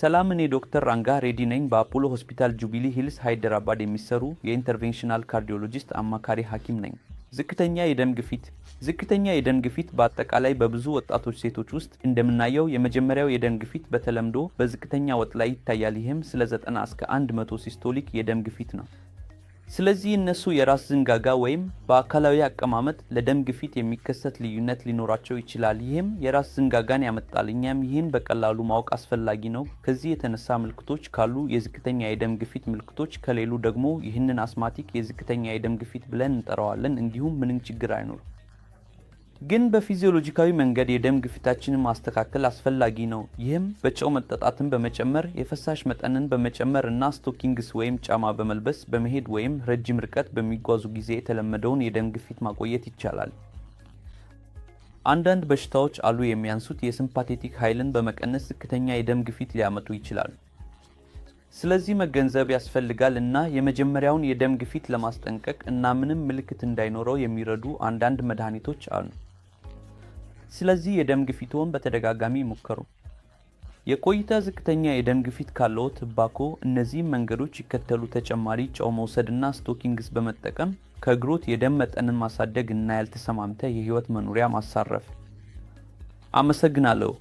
ሰላም፣ እኔ ዶክተር ራንጋ ሬዲ ነኝ። በአፖሎ ሆስፒታል ጁቢሊ ሂልስ ሃይደራባድ የሚሰሩ የኢንተርቬንሽናል ካርዲዮሎጂስት አማካሪ ሐኪም ነኝ። ዝቅተኛ የደም ግፊት ዝቅተኛ የደም ግፊት በአጠቃላይ በብዙ ወጣቶች ሴቶች ውስጥ እንደምናየው የመጀመሪያው የደም ግፊት በተለምዶ በዝቅተኛ ወጥ ላይ ይታያል። ይህም ስለ 90 እስከ 100 ሲስቶሊክ የደም ግፊት ነው። ስለዚህ እነሱ የራስ ዝንጋጋ ወይም በአካላዊ አቀማመጥ ለደም ግፊት የሚከሰት ልዩነት ሊኖራቸው ይችላል። ይህም የራስ ዝንጋጋን ያመጣል። እኛም ይህን በቀላሉ ማወቅ አስፈላጊ ነው። ከዚህ የተነሳ ምልክቶች ካሉ የዝቅተኛ የደም ግፊት ምልክቶች ከሌሉ ደግሞ ይህንን አስማቲክ የዝቅተኛ የደም ግፊት ብለን እንጠራዋለን። እንዲሁም ምንም ችግር አይኖርም። ግን በፊዚዮሎጂካዊ መንገድ የደም ግፊታችንን ማስተካከል አስፈላጊ ነው። ይህም በጨው መጠጣትን በመጨመር የፈሳሽ መጠንን በመጨመር እና ስቶኪንግስ ወይም ጫማ በመልበስ በመሄድ ወይም ረጅም ርቀት በሚጓዙ ጊዜ የተለመደውን የደም ግፊት ማቆየት ይቻላል። አንዳንድ በሽታዎች አሉ የሚያንሱት የሲምፓቴቲክ ኃይልን በመቀነስ ዝቅተኛ የደም ግፊት ሊያመጡ ይችላሉ። ስለዚህ መገንዘብ ያስፈልጋል እና የመጀመሪያውን የደም ግፊት ለማስጠንቀቅ እና ምንም ምልክት እንዳይኖረው የሚረዱ አንዳንድ መድኃኒቶች አሉ። ስለዚህ የደም ግፊትዎን በተደጋጋሚ ይሞክሩ። የቆይታ ዝቅተኛ የደም ግፊት ካለው ትባኮ እነዚህም መንገዶች ይከተሉ ተጨማሪ ጨው መውሰድና ስቶኪንግስ በመጠቀም ከእግሮት የደም መጠንን ማሳደግ እና ያልተሰማምተ የህይወት መኖሪያ ማሳረፍ። አመሰግናለሁ።